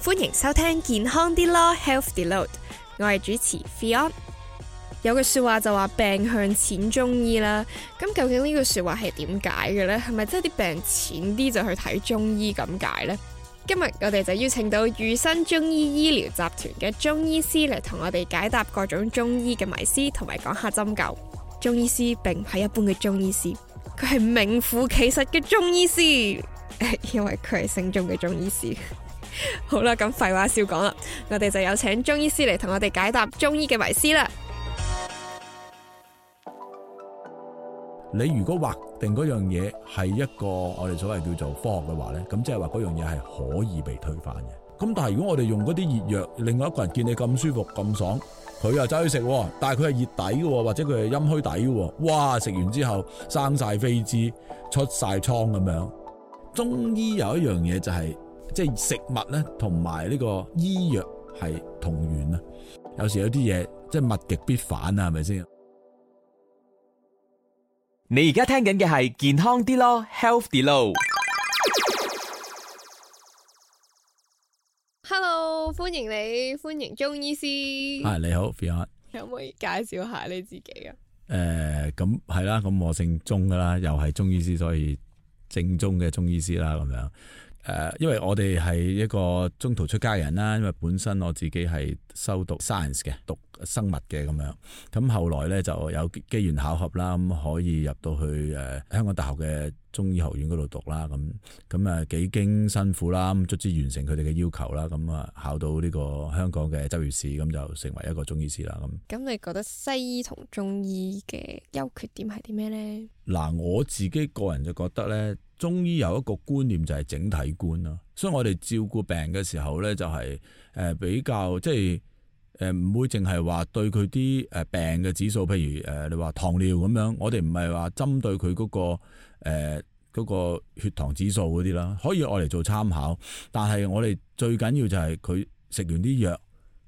歡迎收聽健康啲咯，Health Deload。我係主持 Fion。有句說話就話病向淺中醫啦。咁究竟呢句說話係點解嘅呢？係咪真係啲病淺啲就去睇中醫咁解呢？今日我哋就邀請到御鋅中醫醫療集團嘅中醫師嚟同我哋解答各種中醫嘅迷思，同埋講下針灸。中醫師並唔係一般嘅中醫師，佢係名副其實嘅中醫師。 因為佢係姓中嘅中醫師。好啦，咁廢話少講啦，我哋就有請中醫師嚟同我哋解答中醫嘅迷思啦。你如果劃定嗰樣嘢係一個我哋所謂叫做科學嘅話咧，咁即係話嗰樣嘢係可以被推翻嘅。咁但係如果我哋用嗰啲熱藥，另外一個人見你咁舒服咁爽，佢又走去食，但係佢係熱底嘅，或者佢係陰虛底嘅，哇！食完之後生晒痱滋、出晒瘡咁樣。中醫有一樣嘢就係、是。即係食物咧，同埋呢個醫藥係同源啊！有時有啲嘢，即係物極必反啊，係咪先？你而家聽緊嘅係健康啲咯，Healthy Low。Health lo. Hello，歡迎你，歡迎中醫師。係，你好，Fiona。有冇介紹下你自己啊？誒、呃，咁係啦，咁我姓鍾噶啦，又係中醫師，所以正宗嘅中醫師啦，咁樣。誒，因為我哋係一個中途出家人啦，因為本身我自己係修讀 science 嘅，讀生物嘅咁樣，咁後來呢，就有機緣巧合啦，咁可以入到去誒香港大學嘅。中醫學院嗰度讀啦，咁咁啊幾經辛苦啦，咁卒之完成佢哋嘅要求啦，咁、嗯、啊考到呢個香港嘅執業試，咁、嗯、就成為一個中醫師啦。咁、嗯、咁，你覺得西醫同中醫嘅優缺點係啲咩呢？嗱，我自己個人就覺得呢，中醫有一個觀念就係整體觀咯，所以我哋照顧病嘅時候呢，就係、是、誒比較即係誒唔會淨係話對佢啲誒病嘅指數，譬如誒、呃、你話糖尿咁樣，我哋唔係話針對佢嗰、那個。誒，嗰、呃嗰個血糖指數嗰啲啦，可以用嚟做參考，但係我哋最緊要就係佢食完啲藥，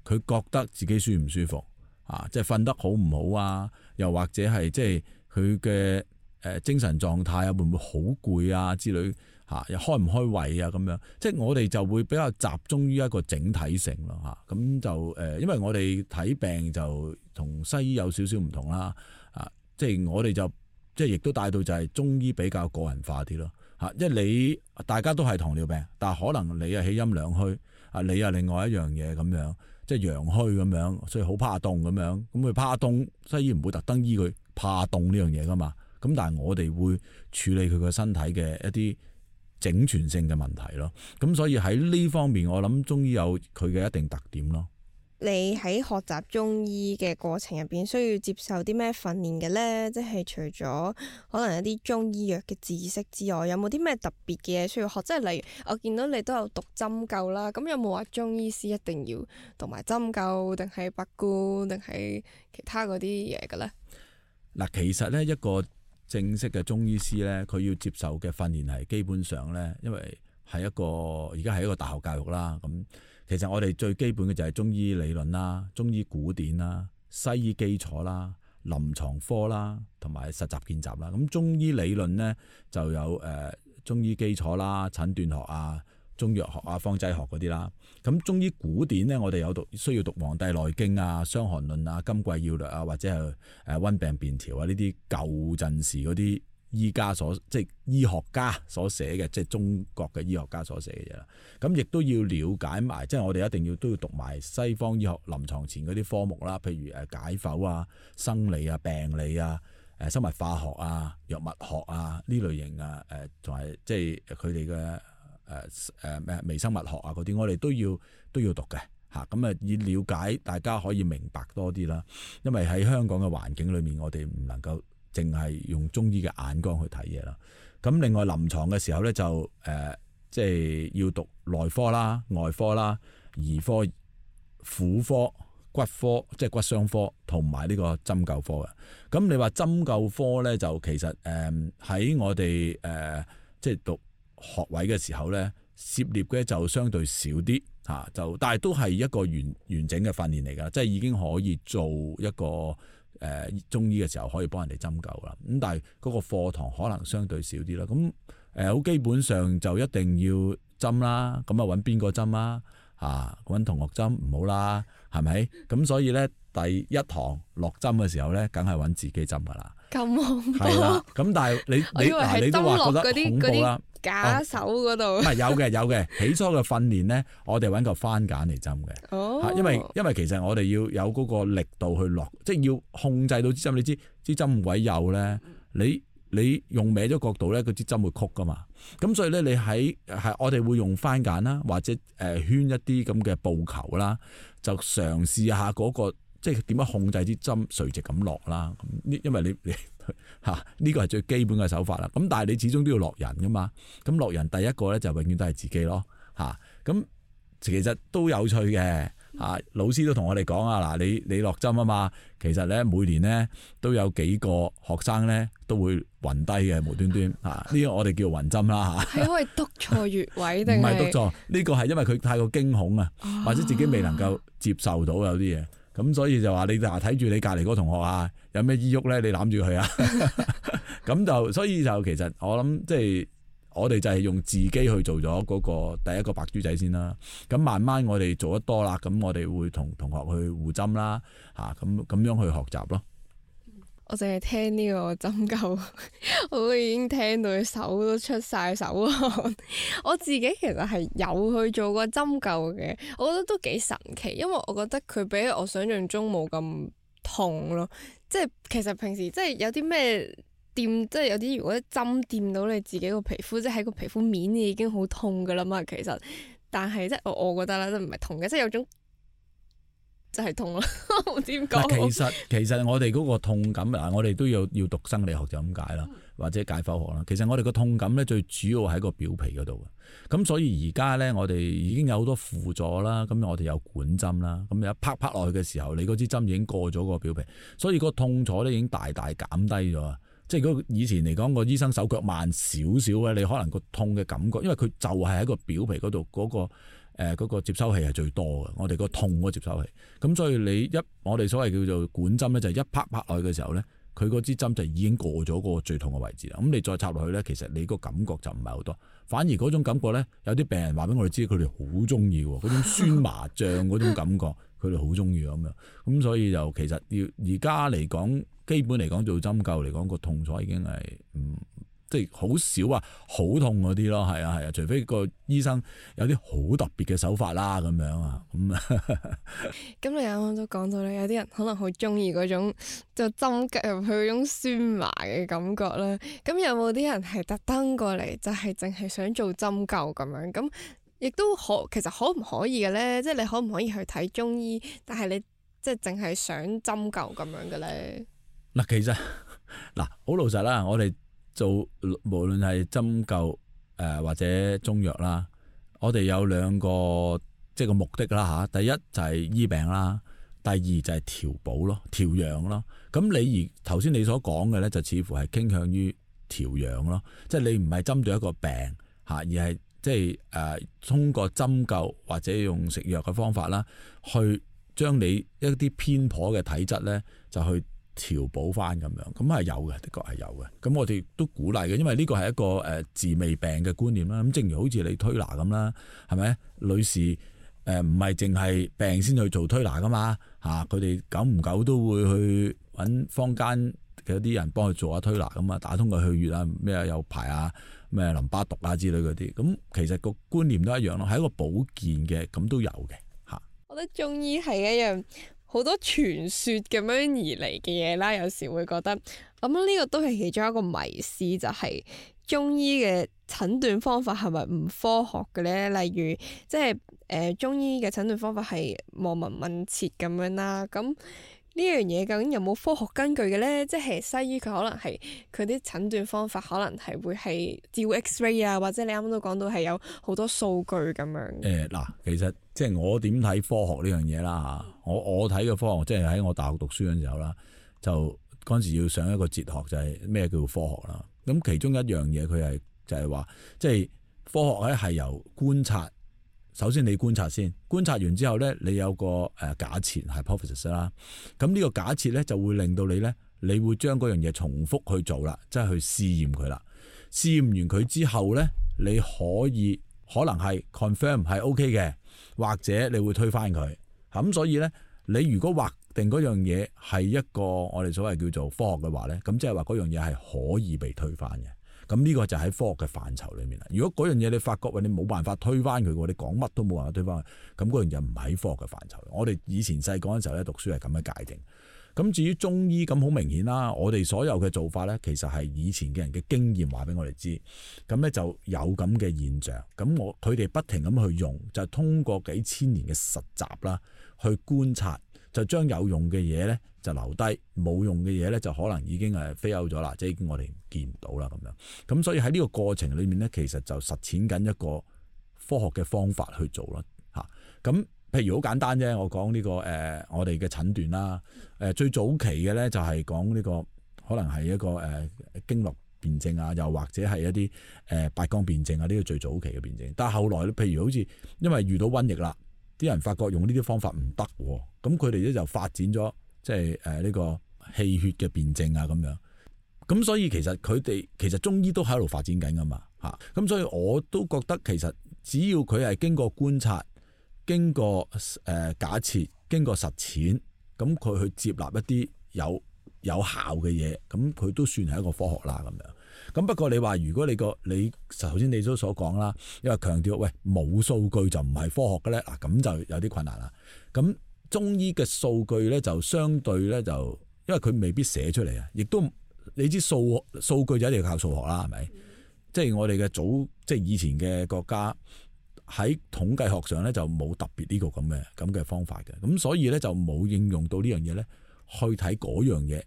佢覺得自己舒唔舒服啊？即係瞓得好唔好啊？又或者係即係佢嘅、誒精神狀態會唔會好攰啊之類？吓、啊、又開唔開胃啊？咁樣，即係我哋就會比較集中於一個整體性咯吓。咁、啊、就誒、呃，因為我哋睇病就同西醫有少少唔同啦啊，即係我哋就。即係亦都帶到就係中醫比較個人化啲咯嚇，即係你大家都係糖尿病，但係可能你係氣陰兩虛，啊你又另外一樣嘢咁樣，即係陽虛咁樣，所以好怕凍咁樣，咁佢怕凍，西醫唔會特登醫佢怕凍呢樣嘢噶嘛。咁但係我哋會處理佢個身體嘅一啲整全性嘅問題咯。咁所以喺呢方面，我諗中醫有佢嘅一定特點咯。你喺學習中醫嘅過程入邊，需要接受啲咩訓練嘅呢？即係除咗可能一啲中醫藥嘅知識之外，有冇啲咩特別嘅嘢需要學？即係例如，我見到你都有讀針灸啦，咁有冇話中醫師一定要讀埋針灸，定係拔罐，定係其他嗰啲嘢嘅咧？嗱，其實呢，一個正式嘅中醫師呢，佢要接受嘅訓練係基本上呢，因為係一個而家係一個大學教育啦，咁。其實我哋最基本嘅就係中醫理論啦、中醫古典啦、西醫基礎啦、臨床科啦，同埋實習見習啦。咁中醫理論咧就有誒、呃、中醫基礎啦、診斷學啊、中藥學啊、方劑學嗰啲啦。咁中醫古典咧，我哋有讀需要讀《黃帝內經》啊、《傷寒論》啊、《金匱要略》啊，或者係誒、呃《溫病條辨》啊呢啲舊陣時嗰啲。醫家所即係醫學家所寫嘅，即係中國嘅醫學家所寫嘅嘢啦。咁亦都要了解埋，即係我哋一定要都要讀埋西方醫學臨床前嗰啲科目啦，譬如誒解剖啊、生理啊、病理啊、誒生物化學啊、藥物學啊呢類型啊誒，同埋即係佢哋嘅誒誒咩微生物學啊嗰啲，我哋都要都要讀嘅嚇。咁啊，以了解大家可以明白多啲啦。因為喺香港嘅環境裏面，我哋唔能夠。淨係用中醫嘅眼光去睇嘢啦。咁另外臨床嘅時候咧，就誒、呃、即係要讀內科啦、外科啦、兒科、婦科、骨科，即係骨傷科同埋呢個針灸科嘅。咁、嗯、你話針灸科咧，就其實誒喺、呃、我哋誒、呃、即係讀學位嘅時候咧，涉獵嘅就相對少啲嚇、啊，就但係都係一個完完整嘅訓練嚟㗎，即係已經可以做一個。誒、呃、中醫嘅時候可以幫人哋針灸啦，咁但係嗰個課堂可能相對少啲啦。咁誒好基本上就一定要針啦，咁啊揾邊個針啦？啊！揾同學針唔好啦，係咪？咁所以咧，第一堂落針嘅時候咧，梗係揾自己針噶啦。咁恐怖。係啦。咁但係你、 啊、你你都話覺得恐怖啦。假手嗰度。唔、 啊、有嘅有嘅，起初嘅訓練咧，我哋揾個番梘嚟針嘅。哦、啊。因為因為其實我哋要有嗰個力度去落，即、就、係、是、要控制到支針。你知支針位有咧，你。你用歪咗角度咧，嗰支針會曲噶嘛？咁所以咧，你喺係我哋會用翻簡啦，或者誒圈一啲咁嘅布球啦，就嘗試下嗰、那個即係點樣控制支針垂直咁落啦。咁因為你你嚇呢個係最基本嘅手法啦。咁但係你始終都要落人噶嘛。咁落人第一個咧就永遠都係自己咯。嚇、啊、咁其實都有趣嘅。啊！老師都同我哋講啊，嗱，你你落針啊嘛，其實咧每年咧都有幾個學生咧都會暈低嘅，無端端啊，呢個我哋叫暈針啦嚇。係、啊、因為督錯穴位定？唔係督錯，呢個係因為佢太過驚恐啊，或者自己未能夠接受到有啲嘢，咁、啊、所以就話你嗱睇住你隔離個同學啊，有咩依郁咧，你攬住佢啊，咁就所以就其實我諗即係。我哋就係用自己去做咗嗰個第一個白豬仔先啦。咁慢慢我哋做得多啦，咁我哋會同同學去互針啦。吓，咁咁樣去學習咯。我淨係聽呢個針灸， 我都已經聽到手都出晒手汗。 我自己其實係有去做過針灸嘅，我覺得都幾神奇，因為我覺得佢比我想像中冇咁痛咯。即係其實平時即係有啲咩？掂即係有啲如果針掂到你自己個皮膚，即係喺個皮膚面已經好痛噶啦嘛。其實，但係即係我我覺得啦，即唔係痛嘅，即係有種就係痛啦。點講？其實其實我哋嗰個痛感嗱，我哋都要要讀生理學就咁解啦，或者解剖學啦。其實我哋個痛感咧，最主要喺個表皮嗰度嘅。咁所以而家咧，我哋已經有好多輔助啦。咁我哋有管針啦。咁一啪啪落去嘅時候，你嗰支針已經過咗個表皮，所以個痛楚咧已經大大減低咗。即係如果以前嚟講個醫生手腳慢少少咧，你可能個痛嘅感覺，因為佢就係喺個表皮嗰度嗰個誒嗰個接收器係最多嘅，我哋個痛個接收器。咁所以你一我哋所謂叫做管針咧，就係一拍拍落去嘅時候咧，佢嗰支針就已經過咗個最痛嘅位置啦。咁你再插落去咧，其實你個感覺就唔係好多，反而嗰種感覺咧，有啲病人話俾我哋知佢哋好中意喎，嗰種酸麻脹嗰種感覺。 佢哋好中意咁樣，咁、嗯、所以就其實要而家嚟講，基本嚟講做針灸嚟講，個痛楚已經係唔即係好少話好痛嗰啲咯，係啊係啊，除非個醫生有啲好特別嘅手法啦咁樣啊，咁、嗯、咁 你啱啱都講到啦，有啲人可能好中意嗰種就針入去嗰種酸麻嘅感覺啦。咁有冇啲人係特登過嚟就係淨係想做針灸咁樣咁？亦都可，其實可唔可以嘅咧？即係你可唔可以去睇中醫？但係你即係淨係想針灸咁樣嘅咧？嗱，其實嗱，好老實啦，我哋做無論係針灸誒、呃、或者中藥啦，我哋有兩個即係個目的啦吓，第一就係醫病啦，第二就係調補咯、調養咯。咁你而頭先你所講嘅咧，就似乎係傾向於調養咯，即係你唔係針對一個病吓，而係。即係誒、呃、通過針灸或者用食藥嘅方法啦，去將你一啲偏頗嘅體質咧，就去調補翻咁樣，咁係有嘅，的確係有嘅。咁我哋都鼓勵嘅，因為呢個係一個誒治未病嘅觀念啦。咁正如好似你推拿咁啦，係咪女士，誒唔係淨係病先去做推拿噶嘛？嚇、啊，佢哋久唔久都會去揾坊間嘅一啲人幫佢做下推拿咁啊，打通個血脈啊，咩啊有排啊。咩淋巴毒啊，之類嗰啲咁，其實個觀念都一樣咯，係一個保健嘅咁都有嘅嚇。啊、我覺得中醫係一樣好多傳説咁樣而嚟嘅嘢啦，有時會覺得咁呢個都係其中一個迷思，就係、是、中醫嘅診斷方法係咪唔科學嘅咧？例如即係誒中醫嘅診斷方法係望聞問切咁樣啦，咁。呢樣嘢究竟有冇科學根據嘅咧？即係西醫佢可能係佢啲診斷方法，可能係會係照 X-ray 啊，或者你啱啱都講到係有好多數據咁樣。誒，嗱，其實即係我點睇科學呢樣嘢啦吓，我我睇嘅科學即係喺我大學讀書嘅時候啦，就嗰陣時要上一個哲學，就係咩叫科學啦。咁其中一樣嘢佢係就係話，即係科學咧係由觀察。首先你觀察先，觀察完之後咧，你有個誒假設係 hypothesis 啦。咁、這、呢個假設咧就會令到你咧，你會將嗰樣嘢重複去做啦，即係去試驗佢啦。試驗完佢之後咧，你可以可能係 confirm 係 O.K. 嘅，或者你會推翻佢。咁所以咧，你如果劃定嗰樣嘢係一個我哋所謂叫做科學嘅話咧，咁即係話嗰樣嘢係可以被推翻嘅。咁呢個就喺科學嘅範疇裏面啦。如果嗰樣嘢你發覺，喂，你冇辦法推翻佢，你講乜都冇辦法推翻佢，咁嗰樣就唔喺科學嘅範疇。我哋以前細個嗰陣時候咧讀書係咁樣界定。咁至於中醫咁好明顯啦，我哋所有嘅做法咧，其實係以前嘅人嘅經驗話俾我哋知，咁咧就有咁嘅現象。咁我佢哋不停咁去用，就係通過幾千年嘅實習啦，去觀察。就將有用嘅嘢咧就留低，冇用嘅嘢咧就可能已經 fail 咗啦，即係已經我哋見唔到啦咁樣。咁所以喺呢個過程裏面咧，其實就實踐緊一個科學嘅方法去做啦嚇。咁、啊、譬如好簡單啫，我講呢、這個誒、呃、我哋嘅診斷啦。誒、呃、最早期嘅咧就係、是、講呢、這個可能係一個誒、呃、經絡辨證啊，又或者係一啲誒、呃、八綱辨證啊，呢、這個最早期嘅辨證。但係後來譬如好似因為遇到瘟疫啦。啲人發覺用呢啲方法唔得，咁佢哋咧就發展咗即係誒呢個氣血嘅辨證啊，咁樣，咁所以其實佢哋其實中醫都喺度發展緊噶嘛嚇，咁、啊、所以我都覺得其實只要佢係經過觀察、經過誒、呃、假設、經過實踐，咁佢去接納一啲有有效嘅嘢，咁佢都算係一個科學啦，咁樣。咁不過你話，如果你個你頭先你都所講啦，因為強調，喂，冇數據就唔係科學嘅咧，嗱咁就有啲困難啦。咁中醫嘅數據咧就相對咧就，因為佢未必寫出嚟啊，亦都你知數數據就一定要靠數學啦，係咪、嗯？即係我哋嘅早即係以前嘅國家喺統計學上咧就冇特別呢、這個咁嘅咁嘅方法嘅，咁所以咧就冇應用到呢樣嘢咧去睇嗰樣嘢。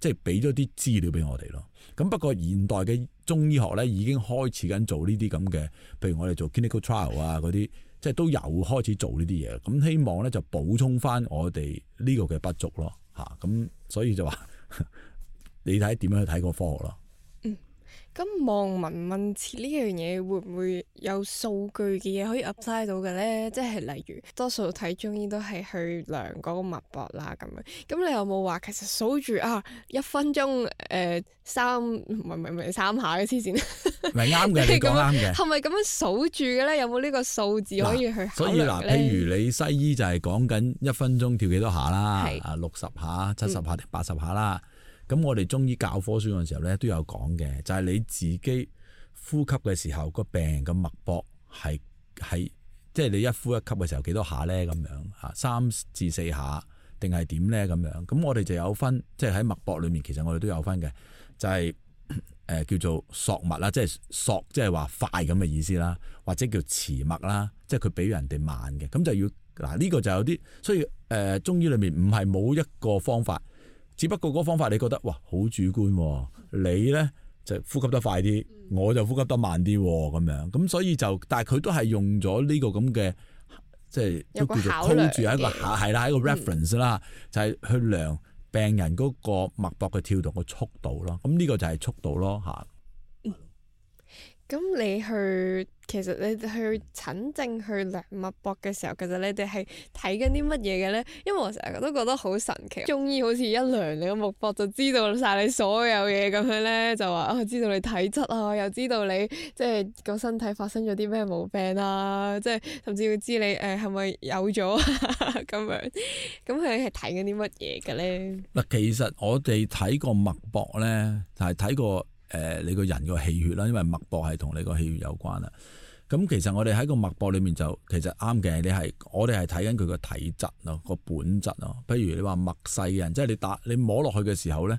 即係俾咗啲資料俾我哋咯，咁不過現代嘅中醫學咧已經開始緊做呢啲咁嘅，譬如我哋做 clinical trial 啊嗰啲，即係都有開始做呢啲嘢啦。咁希望咧就補充翻我哋呢個嘅不足咯，吓、啊，咁所以就話你睇點樣去睇個科學咯。咁望聞問切呢樣嘢會唔會有數據嘅嘢可以 upside 到嘅咧？即係例如多數睇中醫都係去量嗰個脈搏啦，咁樣。咁你有冇話其實數住啊一分鐘誒、呃、三唔係唔係唔係三下嘅黐線？唔係啱嘅，你講啱嘅。係咪咁樣數住嘅咧？有冇呢個數字可以去考？所以嗱，譬如你西醫就係講緊一分鐘跳幾多下啦，啊六十下、七十是、啊、下定八十下啦。咁我哋中醫教科書嘅時候咧，都有講嘅，就係、是、你自己呼吸嘅時候，個病人嘅脈搏係係即係你一呼一吸嘅時候幾多下咧咁樣嚇，三至四下定係點咧咁樣？咁我哋就有分，即係喺脈搏裏面，其實我哋都有分嘅，就係、是、誒、呃、叫做數脈啦，即係數，即係話快咁嘅意思啦，或者叫遲脈啦，即係佢比人哋慢嘅。咁就要嗱呢、這個就有啲，所以誒、呃、中醫裏面唔係冇一個方法。只不過嗰個方法你覺得哇好主觀喎，你咧就呼吸得快啲，我就呼吸得慢啲咁樣，咁所以就，但係佢都係用咗呢個咁嘅，即係叫做套住喺個係啦，喺個 reference 啦，嗯、就係去量病人嗰個脈搏嘅跳動嘅速，速度咯，咁呢個就係速度咯嚇。咁你去，其實你去診症去量脈搏嘅時候，其實你哋係睇緊啲乜嘢嘅咧？因為我成日都覺得好神奇，中醫好似一量你個脈搏就知道晒你所有嘢咁樣咧，就話啊、哦、知道你體質啊，又知道你即係個身體發生咗啲咩毛病啊，即係甚至要知你誒係咪有咗啊。呃，咁 樣。咁佢係睇緊啲乜嘢嘅咧？嗱，其實我哋睇個脈搏咧，就係睇個。誒、呃，你個人個氣血啦，因為脈搏係同你個氣血有關啦。咁、嗯、其實我哋喺個脈搏裏面就其實啱嘅，你係我哋係睇緊佢個體質咯，個本質咯。譬如你話脈細嘅人，即係你打你摸落去嘅時候咧，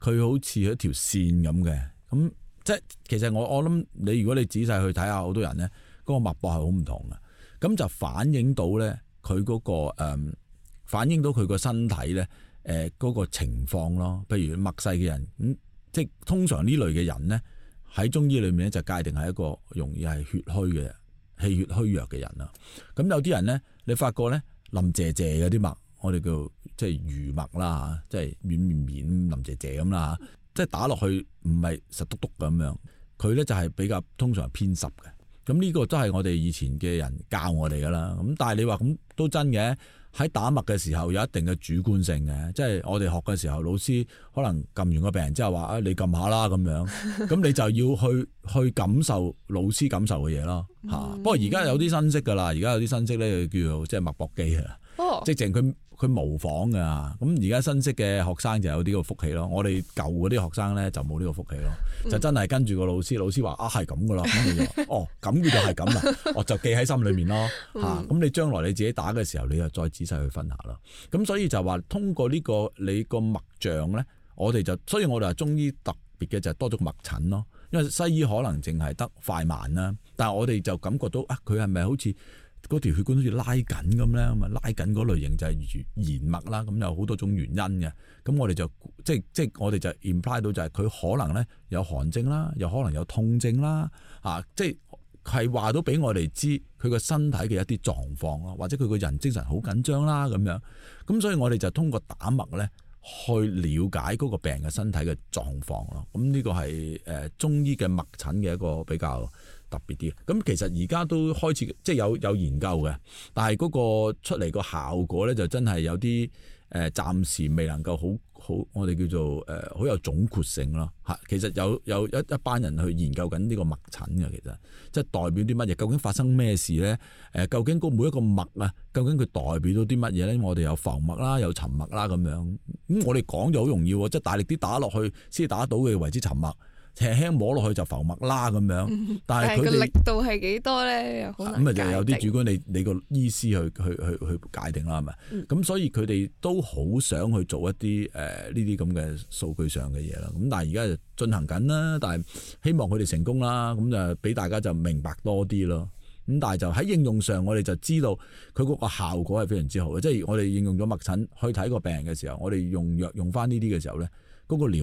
佢好似一條線咁嘅。咁、嗯、即係其實我我諗你如果你仔細去睇下，好多人咧，嗰、那個脈搏係好唔同嘅。咁、嗯、就反映到咧佢嗰個誒、呃，反映到佢個身體咧誒嗰個情況咯。譬如脈細嘅人、嗯即係通常類呢類嘅人咧，喺中醫裏面咧就界定係一個容易係血虛嘅氣血虛弱嘅人啦。咁、嗯、有啲人咧，你發覺咧，腍瀉瀉有啲脈，我哋叫即係濡脈啦，即係軟綿綿腍瀉瀉咁啦、啊，即係打落去唔係實篤篤咁樣，佢咧就係、是、比較通常偏濕嘅。咁、嗯、呢、這個都係我哋以前嘅人教我哋噶啦。咁、嗯、但係你話咁都真嘅。喺打脈嘅時候有一定嘅主觀性嘅，即係我哋學嘅時候，老師可能撳完個病人之後話，啊，你撳下啦咁樣，咁你就要去去感受老師感受嘅嘢咯。嚇！ 不過而家有啲新式㗎喇，而家有啲新式咧，就叫做即係脈搏機啦，哦、即係淨佢。佢模仿㗎，咁而家新識嘅學生就有呢個福氣咯。我哋舊嗰啲學生咧就冇呢個福氣咯，嗯、就真係跟住個老師，老師話啊係咁㗎啦，哦咁佢就係咁啦， 我就記喺心裏面咯。嚇、嗯，咁、啊、你將來你自己打嘅時候，你就再仔細去分下咯。咁所以就話通過呢、呢個你個脈象咧，我哋就，所以我哋話中醫特別嘅就係多咗脈診咯，因為西醫可能淨係得快慢啦，但係我哋就感覺到啊，佢係咪好似？嗰條血管好似拉緊咁咧，咁啊、嗯、拉緊嗰類型就係弦脈啦，咁有好多種原因嘅。咁我哋就即即我哋就 imply 到就係佢可能咧有寒症啦，有可能有痛症啦，啊即係話到俾我哋知佢個身體嘅一啲狀況啊，或者佢個人精神好緊張啦咁樣。咁所以我哋就通過打脈咧去了解嗰個病人嘅身體嘅狀況咯。咁呢個係誒中醫嘅脈診嘅一個比較特別啲嘅，咁其實而家都開始即係有有研究嘅，但係嗰個出嚟個效果咧就真係有啲誒、呃、暫時未能夠好好，我哋叫做誒、呃、好有總括性咯嚇。其實有一有一一班人去研究緊呢個脈診嘅，其實即係代表啲乜嘢？究竟發生咩事咧？誒，究竟嗰每一個脈啊，究竟佢代表到啲乜嘢咧？我哋有浮脈啦，有沉脈啦咁樣。咁、嗯、我哋講就好容易喎，即係大力啲打落去先打到嘅為之沉脈。輕輕摸落去就浮脈啦咁樣，但係佢嘅力度係幾多咧？又咁咪就有啲主觀，你你個醫師去去去去界定啦，咪咁、嗯、所以佢哋都好想去做一啲誒呢啲咁嘅數據上嘅嘢啦。咁但係而家進行緊啦，但係希望佢哋成功啦。咁就俾大家就明白多啲咯。咁但係就喺應用上，我哋就知道佢嗰個效果係非常之好嘅，即係我哋應用咗脈診去睇個病人嘅時候，我哋用藥用返呢啲嘅時候咧，嗰個療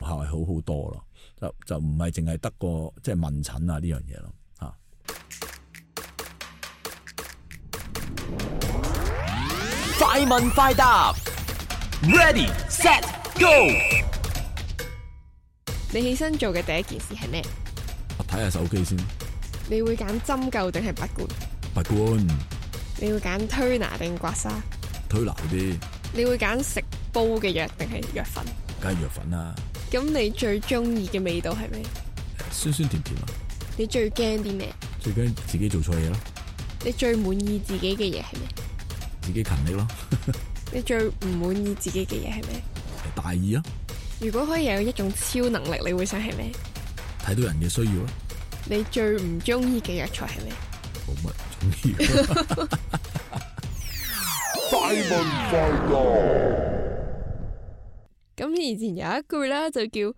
學校係好好多咯，就就唔係淨係得個即係問診啊呢樣嘢咯吓。快問快答，Ready Set Go。你起身做嘅第一件事係咩？我睇下手機先。你會揀針灸定係拔罐？拔罐。你會揀推拿定刮痧？推拿好啲。你會揀食煲嘅藥定係藥粉？梗係藥粉啦、啊。咁你最中意嘅味道係咩？酸酸甜甜啊！你最驚啲咩？最驚自己做錯嘢咯。你最滿意自己嘅嘢係咩？自己勤力咯 。你最唔滿意自己嘅嘢係咩？大意啊！如果可以有一種超能力，你會想係咩？睇到人嘅需要咯、啊。你最唔中意嘅藥材係咩？冇乜中意。咁以前有一句啦，就叫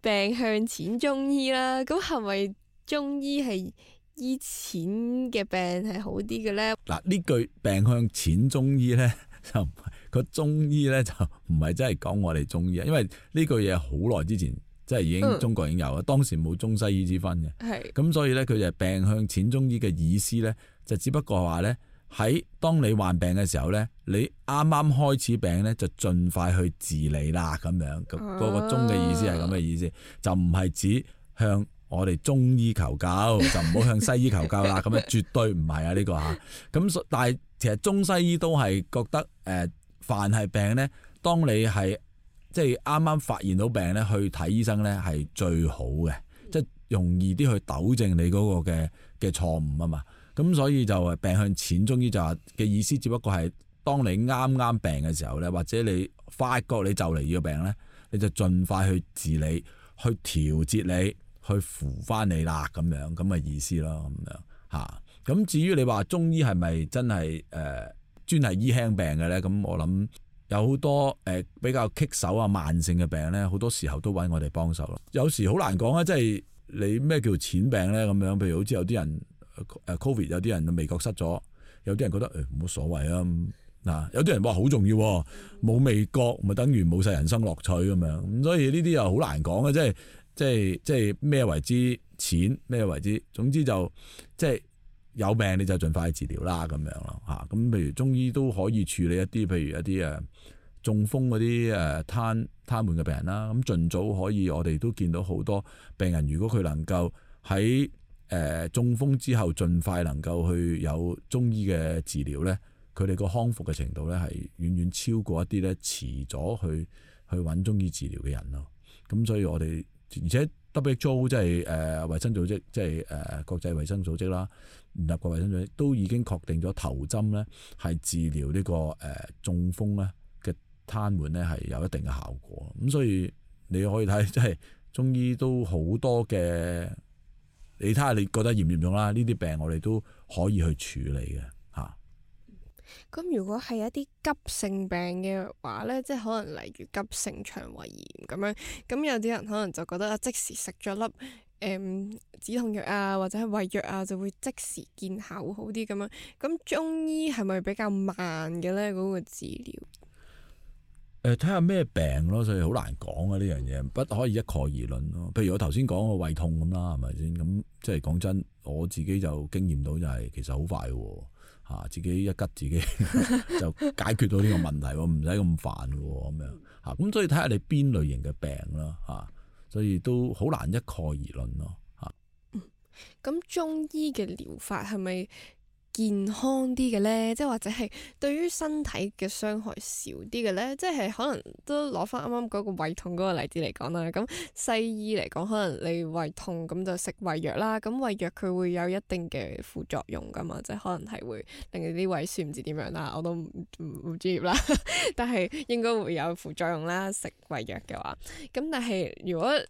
病向淺中醫啦，咁係咪中醫係醫淺嘅病係好啲嘅咧？嗱呢句病向淺中醫咧就唔係，個 中醫咧就唔係真係講我哋中醫，因為呢句嘢好耐之前即係已經中國已經有啦，嗯、當時冇中西醫之分嘅，咁是所以咧佢就病向淺中醫嘅意思咧就只不過話咧，喺當你患病嘅時候咧，你啱啱開始病咧，就盡快去治理啦，咁樣、嗰個中嘅意思係咁嘅意思，啊、就唔係指向我哋中醫求救，就唔好向西醫求救啦。咁 樣絕對唔係啊，呢、呢個嚇、啊。咁但係其實中西醫都係覺得誒、呃，凡係病咧，當你係即係啱啱發現到病咧，去睇醫生咧係最好嘅，即係、嗯、容易啲去糾正你嗰個嘅嘅錯誤啊嘛。咁所以就係病向淺，中醫就話嘅意思只不過係當你啱啱病嘅時候咧，或者你發覺你就嚟要病咧，你就盡快去治理、去調節你、去扶翻你啦，咁樣，咁嘅意思咯，咁樣嚇。咁、啊、至於你話中醫係咪真係誒、呃、專係醫輕病嘅咧？咁我諗有好多誒、呃、比較棘手啊、慢性嘅病咧，好多時候都揾我哋幫手咯。有時好難講啊！即係你咩叫淺病咧咁樣？譬如好似有啲人。誒，COVID 19，有啲人味覺失咗，有啲人覺得誒冇乜、欸、所謂啊，嗱、嗯、有啲人話好重要，冇味覺咪等於冇晒人生樂趣咁樣，咁、嗯、所以呢啲又好難講啊，即係即係即係咩為之淺，咩為之，總之就即係有病你就儘快治療啦咁樣咯嚇，咁、啊、譬如中醫都可以處理一啲，譬如一啲誒、啊、中風嗰啲誒癱癱瘓嘅病人啦，咁、啊、儘早可以我哋都見到好多病人，如果佢能夠喺誒中風之後，盡快能夠去有中醫嘅治療咧，佢哋個康復嘅程度咧係遠遠超過一啲咧遲咗去去搵中醫治療嘅人咯。咁所以我，我哋而且 WHO 即係誒衞生組織，即係誒國際衞生組織啦，聯合國衞生組織都已經確定咗頭針咧係治療呢、呢個誒、呃、中風咧嘅癱瘓咧係有一定嘅效果。咁所以你可以睇，即係中醫都好多嘅。你睇下，你覺得嚴唔嚴重啦？呢啲病我哋都可以去處理嘅嚇。咁、啊嗯、如果係一啲急性病嘅話咧，即係可能例如急性腸胃炎咁樣，咁有啲人可能就覺得啊，即時食咗粒誒、嗯、止痛藥啊，或者係胃藥啊，就會即時見效好啲咁樣。咁中醫係咪比較慢嘅咧？嗰、嗰個治療？誒，睇下咩病咯，所以好難講啊呢樣嘢，不可以一概而論咯。譬如我頭先講個胃痛咁啦，係咪先？咁即係講真，我自己就經驗到就係、是、其實好快嘅吓、啊，自己一吉自己 就解決到呢個問題，唔使咁煩嘅咁樣吓。咁、啊、所以睇下你邊類型嘅病啦吓、啊，所以都好難一概而論咯吓。咁、啊嗯、中醫嘅療法係咪？健康啲嘅咧，即係或者係對於身體嘅傷害少啲嘅咧，即係可能都攞翻啱啱嗰個胃痛嗰個例子嚟講啦。咁西醫嚟講，可能你胃痛咁就食胃藥啦。咁胃藥佢會有一定嘅副作用㗎嘛，即係可能係會令你啲胃酸唔知點樣啦。我都唔唔專業啦， 但係應該會有副作用啦。食胃藥嘅話，咁但係如果誒喺、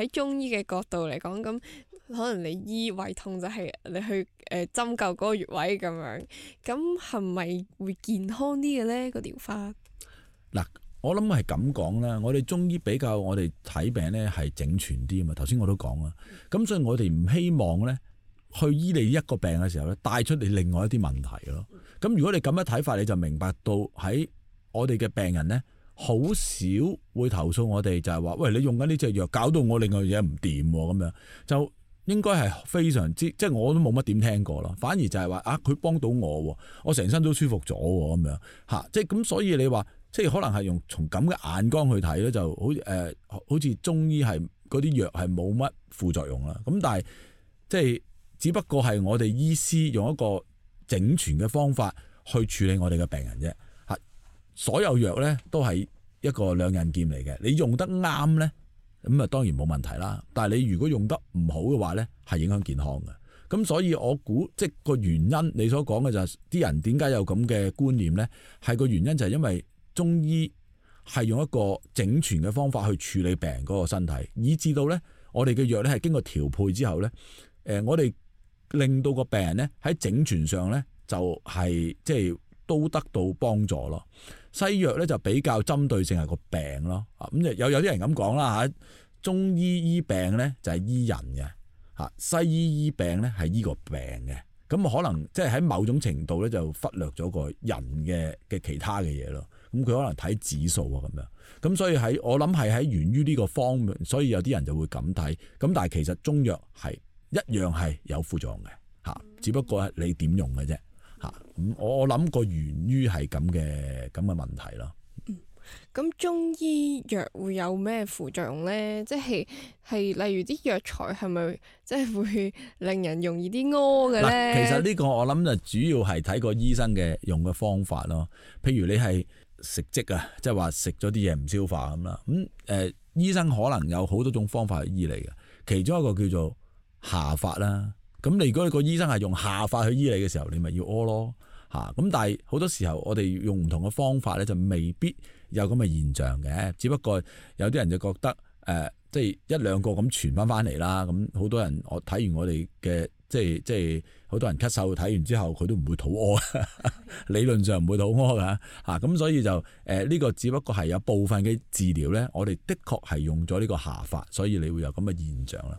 呃、中醫嘅角度嚟講咁。可能你醫胃痛就係你去誒針灸嗰個穴位咁樣，咁係咪會健康啲嘅咧個療法？嗱，我諗係咁講啦，我哋中醫比較我哋睇病咧係整全啲啊嘛，頭先我都講啦，咁所以我哋唔希望咧去醫你一個病嘅時候咧帶出你另外一啲問題咯。咁如果你咁樣睇法，你就明白到喺我哋嘅病人咧好少會投訴我哋，就係話喂，你用緊呢隻藥搞到我另外嘢唔掂咁樣就。應該係非常之，即係我都冇乜點聽過咯。反而就係話啊，佢幫到我喎，我成身都舒服咗喎，咁樣嚇、啊。即係咁，所以你話即係可能係用從咁嘅眼光去睇咧，就好誒、呃，好似中醫係嗰啲藥係冇乜副作用啦。咁但係即係只不過係我哋醫師用一個整全嘅方法去處理我哋嘅病人啫。嚇、啊，所有藥咧都係一個兩刃劍嚟嘅，你用得啱咧。咁啊，當然冇問題啦。但係你如果用得唔好嘅話呢，係影響健康嘅。咁所以我估，即係個原因，你所講嘅就係、是、啲人點解有咁嘅觀念呢？係個原因就係因為中醫係用一個整全嘅方法去處理病人嗰個身體，以至到呢我哋嘅藥呢係經過調配之後呢，誒、呃、我哋令到個病人呢喺整全上呢就係、是、即係都得到幫助咯。西藥咧就比較針對性係個病咯，啊咁有有啲人咁講啦嚇，中醫醫病咧就係醫人嘅，嚇西醫醫病咧係醫個病嘅，咁可能即係喺某種程度咧就忽略咗個人嘅嘅其他嘅嘢咯，咁佢可能睇指數啊咁樣，咁所以喺我諗係喺源於呢個方面，所以有啲人就會咁睇，咁但係其實中藥係一樣係有副作用嘅，嚇，只不過係你點用嘅啫。咁、嗯、我我諗個源於係咁嘅咁嘅問題咯。咁、嗯、中醫藥會有咩副作用咧？即係係例如啲藥材係咪即係會令人容易啲屙嘅咧？其實呢個我諗就主要係睇個醫生嘅用嘅方法咯。譬如你係食積啊，即係話食咗啲嘢唔消化咁啦。咁誒、嗯呃，醫生可能有好多種方法去醫你嘅。其中一個叫做下法啦。咁你如果你個醫生係用下法去醫你嘅時候，你咪要屙咯。嚇咁，但係好多時候，我哋用唔同嘅方法咧，就未必有咁嘅現象嘅。只不過有啲人就覺得誒、呃，即係一兩個咁傳翻翻嚟啦。咁好多人我睇完我哋嘅即係即係好多人咳嗽睇完之後，佢都唔會肚屙， 理論上唔會肚屙㗎嚇。咁、啊、所以就誒呢、呃呢個只不過係有部分嘅治療咧，我哋的確係用咗呢個下法，所以你會有咁嘅現象啦。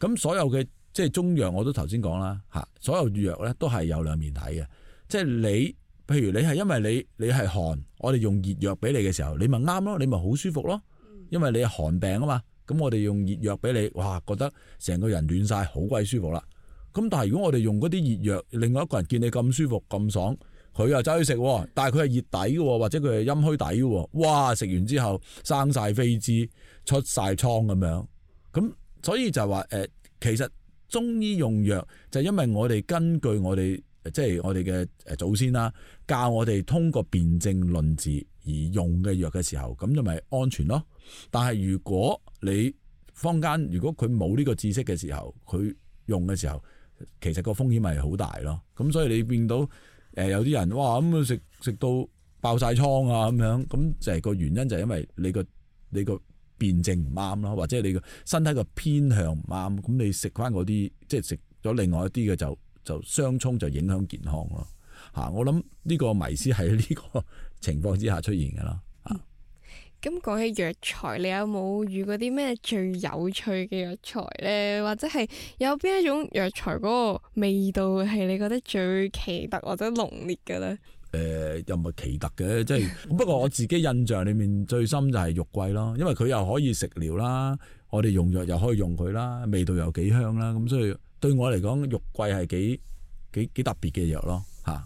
咁所有嘅即係中藥我都頭先講啦嚇，所有藥咧都係有兩面睇嘅。即係你，譬如你係因為你你係寒，我哋用熱藥俾你嘅時候，你咪啱咯，你咪好舒服咯，因為你係寒病啊嘛。咁我哋用熱藥俾你，哇，覺得成個人暖晒，好鬼舒服啦。咁但係如果我哋用嗰啲熱藥，另外一個人見你咁舒服咁爽，佢又走去食，但係佢係熱底嘅，或者佢係陰虛底嘅，哇，食完之後生晒痱滋，出晒瘡咁樣。咁所以就係話，誒、呃，其實中醫用藥就因為我哋根據我哋即係我哋嘅祖先啦，教我哋通過辨證論治而用嘅藥嘅時候，咁就咪安全咯。但係如果你坊間如果佢冇呢個知識嘅時候，佢用嘅時候，其實個風險咪好大咯。咁所以你見到誒有啲人哇咁啊食食到爆晒瘡啊咁樣，咁就係個原因就係因為你個你個辨證唔啱咯，或者你個身體個偏向唔啱，咁你食翻嗰啲即係食咗另外一啲嘅就。就相衝就影響健康咯，吓、啊、我諗呢個迷思係喺呢個情況之下出現噶啦，啊、嗯，咁講起藥材，你有冇遇過啲咩最有趣嘅藥材咧？或者係有邊一種藥材嗰個味道係你覺得最奇特或者濃烈嘅咧？誒、呃，又唔係奇特嘅，即、就、係、是、 不過我自己印象裏面最深就係肉桂咯，因為佢又可以食療啦，我哋用藥又可以用佢啦，味道又幾香啦，咁所以。對我嚟講，肉桂係幾幾幾特別嘅藥咯，吓。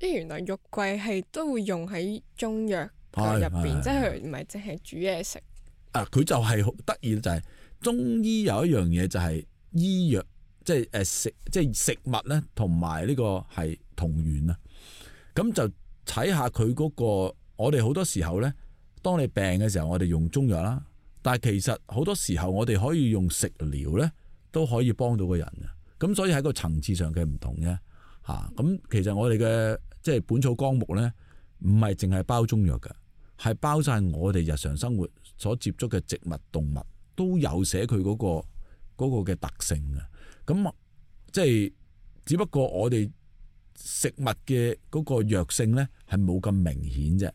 原來肉桂係都會用喺中藥入邊，唉即係唔係淨係煮嘢食。啊，佢就係好得意，就係、是、中醫有一樣嘢就係醫藥，即係誒食，即、就、係、是、食物咧，同埋呢個係同源啊。咁就睇下佢嗰個，我哋好多時候咧，當你病嘅時候，我哋用中藥啦，但係其實好多時候我哋可以用食療咧。都可以幫到個人嘅，咁所以喺個層次上嘅唔同啫，吓、啊，咁其實我哋嘅即係本草綱目咧，唔係淨係包中藥嘅，係包晒我哋日常生活所接觸嘅植物動物都有寫佢嗰個嗰個嘅特性嘅。咁即係只不過我哋食物嘅嗰個藥性咧，係冇咁明顯啫，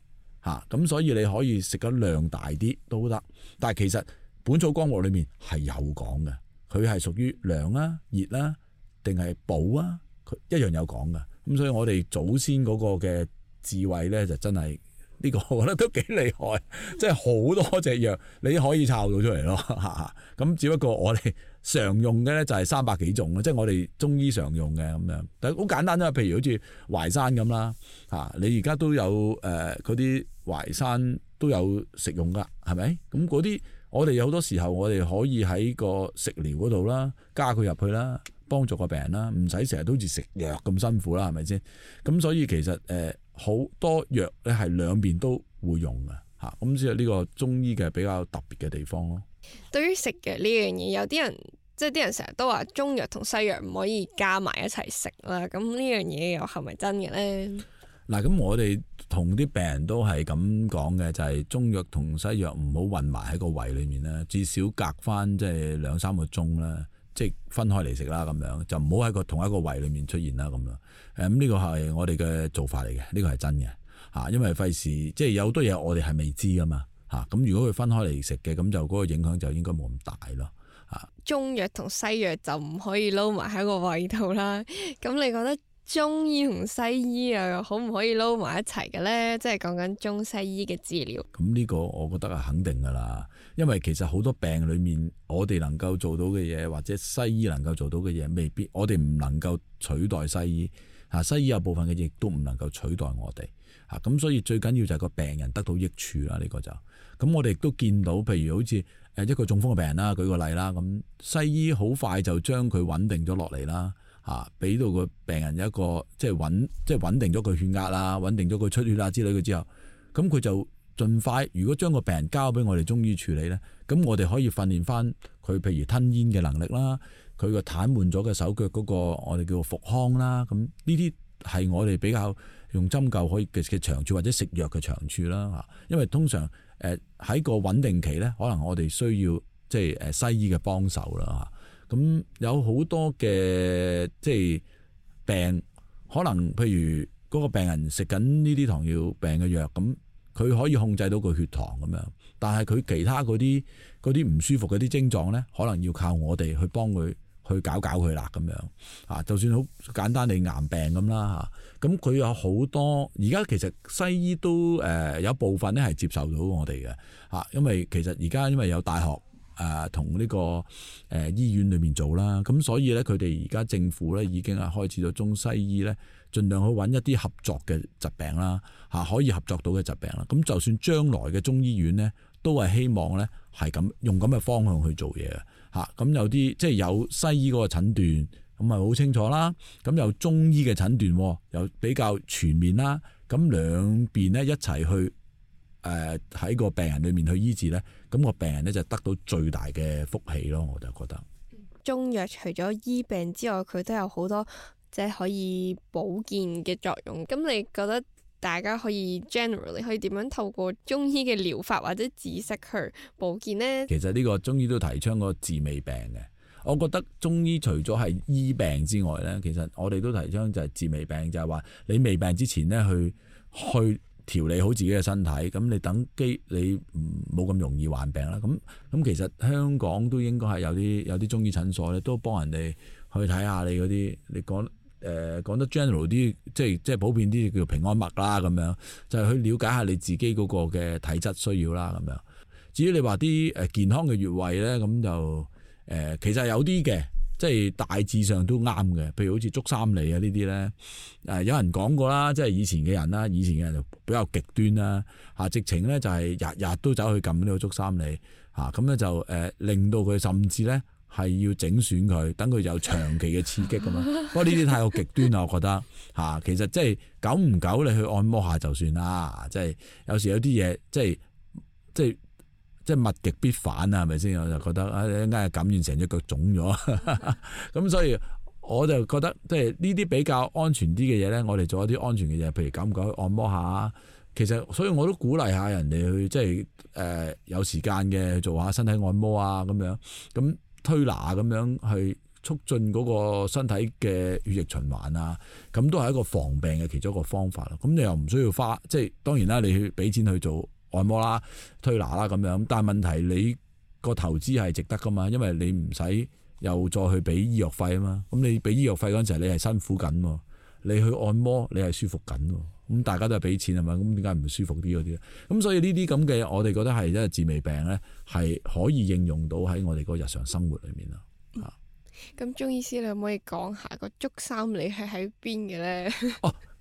吓，咁、啊、所以你可以食得量大啲都得，但係其實本草綱目裏面係有講嘅。佢係屬於涼啊、熱啦、啊，定係補啊，佢一樣有講噶。咁所以我哋祖先嗰個嘅智慧咧，就真係呢、呢個我覺得都幾厲害，即係好多隻藥你可以抄到出嚟咯。咁 只不過我哋常用嘅咧就係三百幾種，即係我哋中醫常用嘅咁樣。但係好簡單啫，譬如好似淮山咁啦，嚇、啊、你而家都有誒嗰啲淮山都有食用噶，係咪？咁嗰啲。我哋有好多時候，我哋可以喺個食療嗰度啦，加佢入去啦，幫助個病人啦，唔使成日都似食藥咁辛苦啦，係咪先？咁所以其實誒好多藥咧係兩邊都會用嘅，嚇，咁先係呢個中醫嘅比較特別嘅地方咯。對於食藥呢樣嘢，有啲人即係啲人成日都話中藥同西藥唔可以加埋一齊食啦，咁呢樣嘢又係咪真嘅咧？嗱，咁我哋同啲病人都係咁講嘅，就係、是、中藥同西藥唔好混埋喺個胃裏面啦，至少隔翻即係兩三個鐘啦，即、就、係、是、分開嚟食啦咁樣，就唔好喺個同一個胃裏面出現啦咁樣。誒、嗯，咁呢個係我哋嘅做法嚟嘅，呢個係真嘅嚇，因為費事即係有好多嘢我哋係未知噶嘛嚇。咁、啊、如果佢分開嚟食嘅，咁就嗰個影響就應該冇咁大咯嚇。啊、中藥同西藥就唔可以撈埋喺個胃度啦。咁你覺得？中醫同西醫啊，可唔可以撈埋一齊嘅呢？即係講緊中西醫嘅治療。咁呢個我覺得係肯定㗎啦，因為其實好多病裡面，我哋能夠做到嘅嘢，或者西醫能夠做到嘅嘢，未必我哋唔能夠取代西醫。嚇，西醫有部分嘅嘢都唔能夠取代我哋。嚇，咁所以最緊要就係個病人得到益處啦。呢個就咁，我哋亦都見到，譬如好似誒一個中風嘅病人啦，舉個例啦，咁西醫好快就將佢穩定咗落嚟啦。啊！俾到個病人一個即係穩，即係穩定咗佢血壓啦，穩定咗佢出血啊之類嘅之，之後，咁佢就盡快。如果將個病人交俾我哋中醫處理咧，咁我哋可以訓練翻佢，譬如吞嚥嘅能力啦，佢個癱瘓咗嘅手腳嗰、嗰個我哋叫做復康啦。咁呢啲係我哋比較用針灸可以嘅長處，或者食藥嘅長處啦。吓，因為通常誒喺個穩定期咧，可能我哋需要即係誒西醫嘅幫手啦。吓。咁有好多嘅即係病，可能譬如嗰個病人食緊呢啲糖尿病嘅藥，咁佢可以控制到個血糖咁樣，但係佢其他嗰啲嗰啲唔舒服嗰啲症狀咧，可能要靠我哋去幫佢去搞搞佢啦咁樣啊，就算好簡單，你癌病咁啦吓，咁佢有好多而家其實西醫都誒有部分咧係接受到我哋嘅嚇，因為其實而家因為有大學。誒同呢個誒、呃、醫院裏面做啦，咁所以咧，佢哋而家政府咧已經啊開始咗中西醫咧，盡量去揾一啲合作嘅疾病啦，嚇、啊、可以合作到嘅疾病啦。咁就算將來嘅中醫院咧，都係希望咧係咁用咁嘅方向去做嘢嘅嚇。咁、啊、有啲即係有西醫嗰個診斷，咁咪好清楚啦。咁有中醫嘅診斷、哦，又比較全面啦。咁兩邊咧一齊去誒喺、呃、個病人裏面去醫治咧。咁個病人咧就得到最大嘅福氣咯，我就覺得。中藥除咗醫病之外，佢都有好多即係可以保健嘅作用。咁你覺得大家可以 generally 可以點樣透過中醫嘅療法或者知識去保健呢？其實呢個中醫都提倡個治未病嘅。我覺得中醫除咗係醫病之外咧，其實我哋都提倡就係治未病，就係話你未病之前咧去去。去調理好自己嘅身體，咁你等機，你唔冇咁容易患病啦。咁咁其實香港都應該係有啲有啲中醫診所咧，都幫人哋去睇下你嗰啲，你講誒、呃、講得 general 啲，即係即係普遍啲叫平安脈啦咁樣，就係、是、去了解下你自己嗰個嘅體質需要啦咁樣。至於你話啲誒健康嘅穴位咧，咁就誒、呃、其實有啲嘅。即係大致上都啱嘅，譬如好似足三里啊呢啲咧，誒、呃、有人講過啦，即係以前嘅人啦，以前嘅人就比較極端啦，嚇、啊、直情咧就係、是、日日都走去撳呢個足三里，嚇咁咧就誒、呃、令到佢甚至咧係要整損佢，等佢有長期嘅刺激咁樣。不過呢啲太過極端啦，我覺得嚇、啊、其實即係久唔久你去按摩下就算啦、啊，即係有時有啲嘢即係即。即即係物極必反啊，係咪先？我就覺得啊，一陣間係感染成隻腳腫咗，咁 所以我就覺得即係呢啲比較安全啲嘅嘢咧，我哋做一啲安全嘅嘢，譬如感去按摩下，其實所以我都鼓勵下人哋去即係誒、呃、有時間嘅做下身體按摩啊，咁樣咁推拿咁樣去促進嗰個身體嘅血液循環啊，咁都係一個防病嘅其中一個方法咯。咁你又唔需要花，即係當然啦，你去俾錢去做。按摩啦、推拿啦咁樣，但係問題，你個投資係值得噶嘛？因為你唔使又再去俾醫藥費啊嘛。咁你俾醫藥費嗰陣就係你係辛苦緊，你去按摩你係舒服緊。咁大家都係俾錢，係嘛？咁點解唔舒服啲嗰啲咧？咁所以呢啲咁嘅我哋覺得係因為治未病咧，係可以應用到喺我哋個日常生活裏面咯。啊、嗯，咁中醫師，你可唔可以講下個足三里係喺邊嘅咧？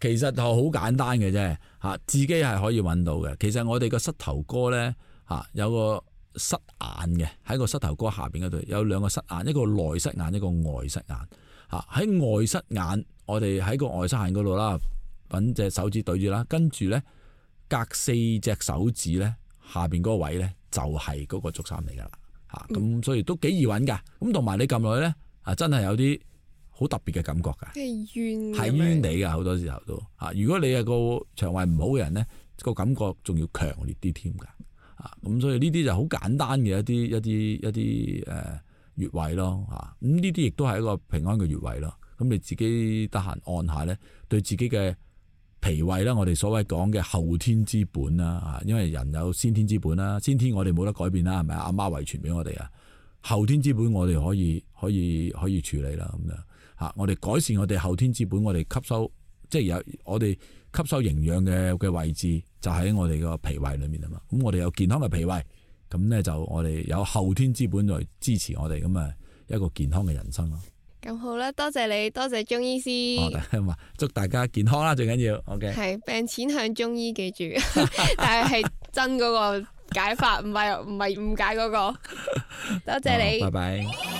其實就好簡單嘅啫，嚇自己係可以揾到嘅。其實我哋個膝頭哥咧，嚇有個膝眼嘅，喺個膝頭哥下邊嗰度有兩個膝眼，一個內膝眼，一個外膝眼。嚇喺外膝眼，我哋喺個外膝眼嗰度啦，揾隻手指對住啦，跟住咧隔四隻手指咧，下邊嗰位咧就係嗰個足三嚟㗎啦。嚇咁、嗯，所以都幾易揾㗎。咁同埋你撳落去咧，啊真係有啲～好特別嘅感覺㗎，係冤你㗎，好多時候都嚇。如果你係個腸胃唔好嘅人咧，個感覺仲要強烈啲添㗎，啊咁所以呢啲就好簡單嘅一啲一啲一啲誒穴位咯嚇。咁呢啲亦都係一個平安嘅穴位咯。咁你自己得閒按下咧，對自己嘅脾胃啦，我哋所謂講嘅後天之本啦嚇、啊，因為人有先天之本啦，先天我哋冇得改變啦，係咪阿媽遺傳俾我哋啊？後天之本我哋可以可以可以，可以處理啦咁樣。啊啊！我哋改善我哋後天之本，我哋吸收即係有我哋吸收營養嘅嘅位置就喺我哋個脾胃裏面啊嘛。咁、嗯嗯、我哋有健康嘅脾胃，咁、嗯、咧就我哋有後天之本嚟支持我哋，咁啊一個健康嘅人生咯。咁好啦，多謝你，多謝中醫師。好、哦， 祝大家健康啦，最緊要。O、okay、K。係病向淺中醫，記住， 但係係真嗰個解法，唔係唔係誤解嗰、那個。 多謝你。拜拜。